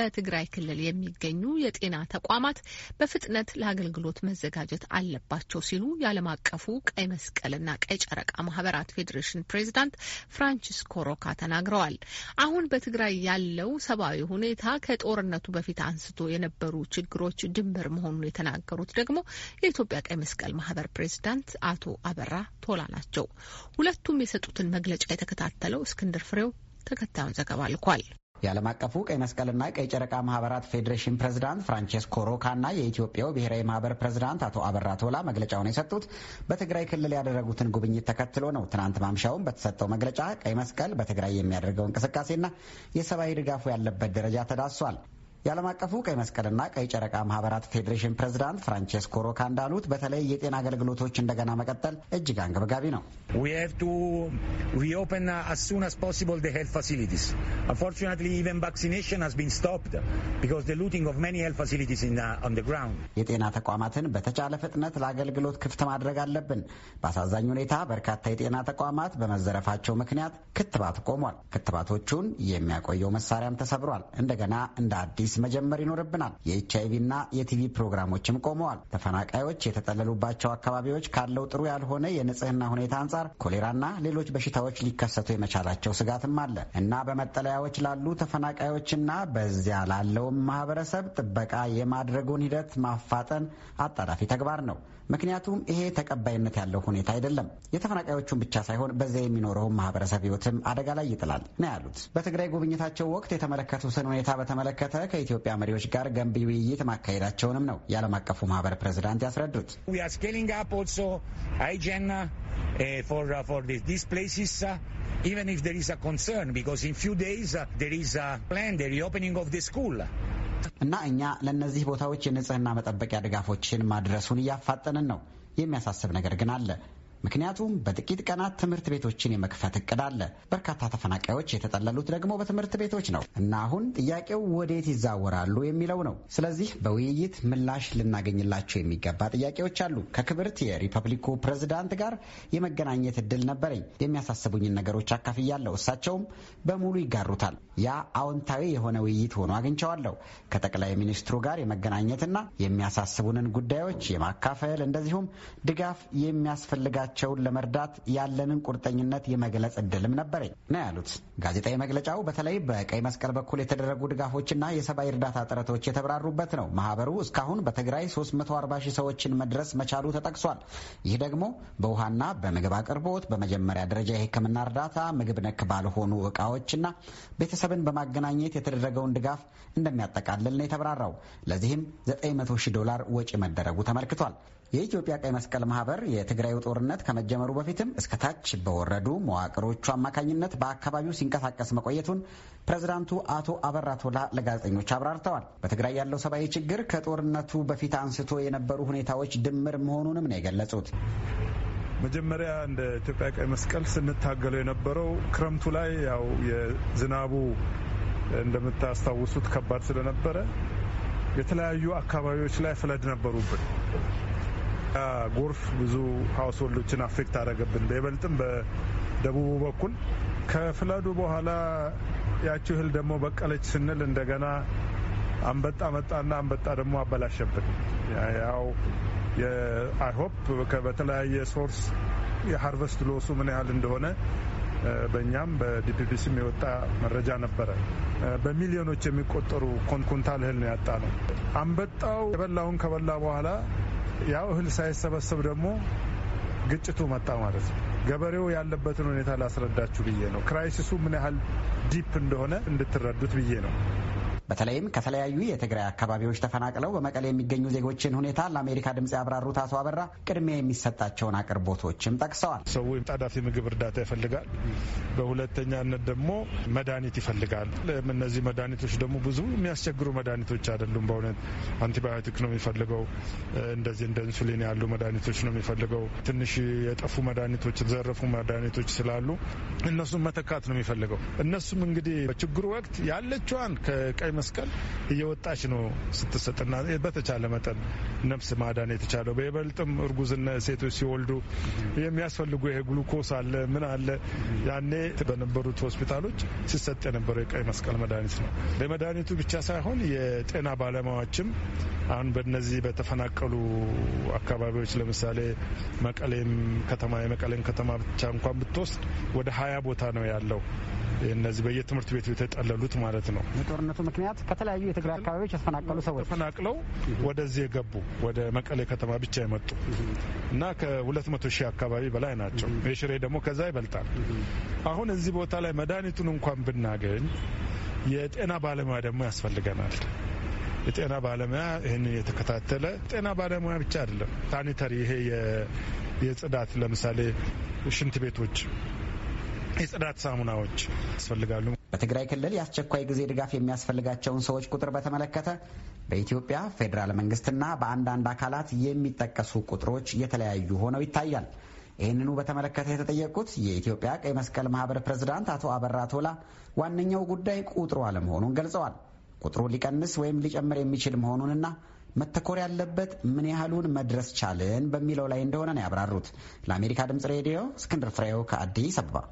በትግራይ ክልል የሚገኙ የጤና ተቋማት በፍጥነት ለአገልግሎት መዘጋጀት አለባቸው ሲሉ የዓለም አቀፉ ቀይ መስቀልና ቀይ ጨረቃ ማህበራት ፌዴሬሽን ፕሬዚዳንት ፍራንቺስኮ ሮካ ተናግረዋል። አሁን በትግራይ ያለው ሰብአዊ ሁኔታ ከጦርነቱ በፊት አንስቶ የነበሩ ችግሮች ድንበር መሆኑን የተናገሩት ደግሞ የኢትዮጵያ ቀይ መስቀል ማህበር ፕሬዚዳንት አቶ አበራ ቶላ ናቸው። ሁለቱም የሰጡትን መግለጫ የተከታተለው እስክንድር ፍሬው ተከታዩን ዘገባ ልኳል። የዓለም አቀፉ ቀይ መስቀልና ቀይ ጨረቃ ማህበራት ፌዴሬሽን ፕሬዝዳንት ፍራንቼስኮ ሮካና የኢትዮጵያው ብሔራዊ ማህበር ፕሬዝዳንት አቶ አበራ ቶላ መግለጫውን የሰጡት በትግራይ ክልል ያደረጉትን ጉብኝት ተከትሎ ነው። ትናንት ማምሻውን በተሰጠው መግለጫ ቀይ መስቀል በትግራይ የሚያደርገው እንቅስቃሴና የሰብአዊ ድጋፉ ያለበት ደረጃ ተዳሷል። የዓለም አቀፉ ቀይ መስቀልና ቀይ ጨረቃ ማህበራት ፌዴሬሽን ፕሬዝዳንት ፍራንቼስኮ ሮካ እንዳሉት በተለይ የጤና አገልግሎቶች እንደገና መቀጠል እጅግ አንገብጋቢ ነው። We have to reopen uh, as soon as possible the health facilities. Unfortunately, even vaccination has been stopped because the looting of many health facilities in, uh, on the ground. የጤና ተቋማትን በተቻለ ፍጥነት ለአገልግሎት ክፍት ማድረግ አለብን። በአሳዛኝ ሁኔታ በርካታ የጤና ተቋማት በመዘረፋቸው ምክንያት ክትባት ቆሟል። ክትባቶቹን የሚያቆየው መሳሪያም ተሰብሯል። እንደገና እንደ አዲስ መጀመር ይኖርብናል። የኤች አይቪ እና የቲቪ ፕሮግራሞችም ቆመዋል። ተፈናቃዮች የተጠለሉባቸው አካባቢዎች ካለው ጥሩ ያልሆነ የንጽህና ሁኔታ አንጻር አንጻር ኮሌራና ሌሎች በሽታዎች ሊከሰቱ የመቻላቸው ስጋትም አለ እና በመጠለያዎች ላሉ ተፈናቃዮችና በዚያ ላለውም ማህበረሰብ ጥበቃ የማድረጉን ሂደት ማፋጠን አጣዳፊ ተግባር ነው። ምክንያቱም ይሄ ተቀባይነት ያለው ሁኔታ አይደለም። የተፈናቃዮቹን ብቻ ሳይሆን በዚያ የሚኖረውን ማህበረሰብ ህይወትም አደጋ ላይ ይጥላል ነው ያሉት። በትግራይ ጉብኝታቸው ወቅት የተመለከቱትን ሁኔታ በተመለከተ ከኢትዮጵያ መሪዎች ጋር ገንቢ ውይይት ማካሄዳቸውንም ነው የዓለም አቀፉ ማህበር ፕሬዚዳንት ያስረዱት። uh, for, uh, for this. these places, Uh, even if there is a concern, because in few days uh, there is a plan, the reopening of the school. እና እኛ ለእነዚህ ቦታዎች የንጽህና መጠበቂያ ድጋፎችን ማድረሱን እያፋጠንን ነው። የሚያሳስብ ነገር ግን አለ። ምክንያቱም በጥቂት ቀናት ትምህርት ቤቶችን የመክፈት እቅድ አለ። በርካታ ተፈናቃዮች የተጠለሉት ደግሞ በትምህርት ቤቶች ነው እና አሁን ጥያቄው ወዴት ይዛወራሉ የሚለው ነው። ስለዚህ በውይይት ምላሽ ልናገኝላቸው የሚገባ ጥያቄዎች አሉ። ከክብርት የሪፐብሊኩ ፕሬዝዳንት ጋር የመገናኘት እድል ነበረኝ። የሚያሳስቡኝን ነገሮች አካፍያለሁ። እሳቸውም በሙሉ ይጋሩታል። ያ አዎንታዊ የሆነ ውይይት ሆኖ አግኝቸዋለሁ። ከጠቅላይ ሚኒስትሩ ጋር የመገናኘትና የሚያሳስቡንን ጉዳዮች የማካፈል እንደዚሁም ድጋፍ የሚያስፈልጋቸው ልጃቸውን ለመርዳት ያለንን ቁርጠኝነት የመግለጽ እድልም ነበረኝ ነው ያሉት። ጋዜጣዊ መግለጫው በተለይ በቀይ መስቀል በኩል የተደረጉ ድጋፎችና የሰብአዊ እርዳታ ጥረቶች የተብራሩበት ነው። ማህበሩ እስካሁን በትግራይ 340 ሺህ ሰዎችን መድረስ መቻሉ ተጠቅሷል። ይህ ደግሞ በውሃና በምግብ አቅርቦት፣ በመጀመሪያ ደረጃ የሕክምና እርዳታ፣ ምግብ ነክ ባልሆኑ እቃዎችና ቤተሰብን በማገናኘት የተደረገውን ድጋፍ እንደሚያጠቃልል ነው የተብራራው። ለዚህም 900 ሺህ ዶላር ወጪ መደረጉ ተመልክቷል። የኢትዮጵያ ቀይ መስቀል ማህበር የትግራዩ ጦርነት ጥረት ከመጀመሩ በፊትም እስከ ታች በወረዱ መዋቅሮቹ አማካኝነት በአካባቢው ሲንቀሳቀስ መቆየቱን ፕሬዝዳንቱ አቶ አበራ ቶላ ለጋዜጠኞች አብራርተዋል። በትግራይ ያለው ሰብአዊ ችግር ከጦርነቱ በፊት አንስቶ የነበሩ ሁኔታዎች ድምር መሆኑንም ነው የገለጹት። መጀመሪያ እንደ ኢትዮጵያ ቀይ መስቀል ስንታገለው የነበረው ክረምቱ ላይ ያው የዝናቡ እንደምታስታውሱት ከባድ ስለነበረ የተለያዩ አካባቢዎች ላይ ፍለድ ነበሩብን። ጎርፍ ብዙ ሀውስሆልዶችን አፌክት አደረገብን። በይበልጥም በደቡቡ በኩል ከፍለዱ በኋላ ያችው እህል ደግሞ በቀለች ስንል እንደገና አንበጣ መጣና አንበጣ ደግሞ አበላሸብን። ያው አይሆፕ በተለያየ ሶርስ የሀርቨስት ሎሱ ምን ያህል እንደሆነ በእኛም በዲፒፒሲም የወጣ መረጃ ነበረ። በሚሊዮኖች የሚቆጠሩ ኮንኩንታል እህል ነው ያጣ ነው። አንበጣው የበላውን ከበላ በኋላ ያው እህል ሳይሰበሰብ ደግሞ ግጭቱ መጣ ማለት ነው። ገበሬው ያለበትን ሁኔታ ላስረዳችሁ ብዬ ነው። ክራይሲሱ ምን ያህል ዲፕ እንደሆነ እንድትረዱት ብዬ ነው። በተለይም ከተለያዩ የትግራይ አካባቢዎች ተፈናቅለው በመቀሌ የሚገኙ ዜጎችን ሁኔታ ለአሜሪካ ድምፅ ያብራሩት አቶ አበራ ቅድሚያ የሚሰጣቸውን አቅርቦቶችም ጠቅሰዋል። ሰው ጣዳፊ ምግብ እርዳታ ይፈልጋል። በሁለተኛነት ደግሞ መድኃኒት ይፈልጋል። እነዚህ መድኃኒቶች ደግሞ ብዙ የሚያስቸግሩ መድኃኒቶች አይደሉም። በእውነት አንቲባዮቲክ ነው የሚፈልገው። እንደዚህ እንደ ኢንሱሊን ያሉ መድኃኒቶች ነው የሚፈልገው። ትንሽ የጠፉ መድኃኒቶች፣ የተዘረፉ መድኃኒቶች ስላሉ እነሱም መተካት ነው የሚፈልገው። እነሱም እንግዲህ በችግሩ ወቅት ያለችዋን ከቀይ መስቀል እየወጣች ነው ስትሰጥና በተቻለ መጠን ነፍስ ማዳን የተቻለው በይበልጥም እርጉዝነ ሴቶች ሲወልዱ የሚያስፈልጉ ይሄ ግሉኮስ አለ ምን አለ ያኔ በነበሩት ሆስፒታሎች ሲሰጥ የነበረው የቀይ መስቀል መድኃኒት ነው። ለመድኃኒቱ ብቻ ሳይሆን የጤና ባለሙያዎችም አሁን በነዚህ በተፈናቀሉ አካባቢዎች ለምሳሌ መቀሌም ከተማ የመቀሌም ከተማ ብቻ እንኳን ብትወስድ ወደ ሀያ ቦታ ነው ያለው እነዚህ በየትምህርት ቤቱ የተጠለሉት ማለት ነው። በጦርነቱ ምክንያት ከተለያዩ የትግራይ አካባቢዎች ያስፈናቀሉ ሰዎች ተፈናቅለው ወደዚህ የገቡ ወደ መቀሌ ከተማ ብቻ የመጡ እና ከሁለት መቶ ሺህ አካባቢ በላይ ናቸው። የሽሬ ደግሞ ከዛ ይበልጣል። አሁን እዚህ ቦታ ላይ መድኃኒቱን እንኳን ብናገኝ የጤና ባለሙያ ደግሞ ያስፈልገናል። የጤና ባለሙያ ይህን የተከታተለ ጤና ባለሙያ ብቻ አይደለም፣ ሳኒተሪ ይሄ የጽዳት ለምሳሌ ሽንት ቤቶች የጽዳት ሳሙናዎች ያስፈልጋሉ። በትግራይ ክልል የአስቸኳይ ጊዜ ድጋፍ የሚያስፈልጋቸውን ሰዎች ቁጥር በተመለከተ በኢትዮጵያ ፌዴራል መንግስትና በአንዳንድ አካላት የሚጠቀሱ ቁጥሮች የተለያዩ ሆነው ይታያል። ይህንኑ በተመለከተ የተጠየቁት የኢትዮጵያ ቀይ መስቀል ማህበር ፕሬዝዳንት አቶ አበራ ቶላ ዋነኛው ጉዳይ ቁጥሩ አለመሆኑን ገልጸዋል። ቁጥሩ ሊቀንስ ወይም ሊጨምር የሚችል መሆኑንና መተኮር ያለበት ምን ያህሉን መድረስ ቻልን በሚለው ላይ እንደሆነ ነው ያብራሩት። ለአሜሪካ ድምጽ ሬዲዮ እስክንድር ፍሬው ከአዲስ አበባ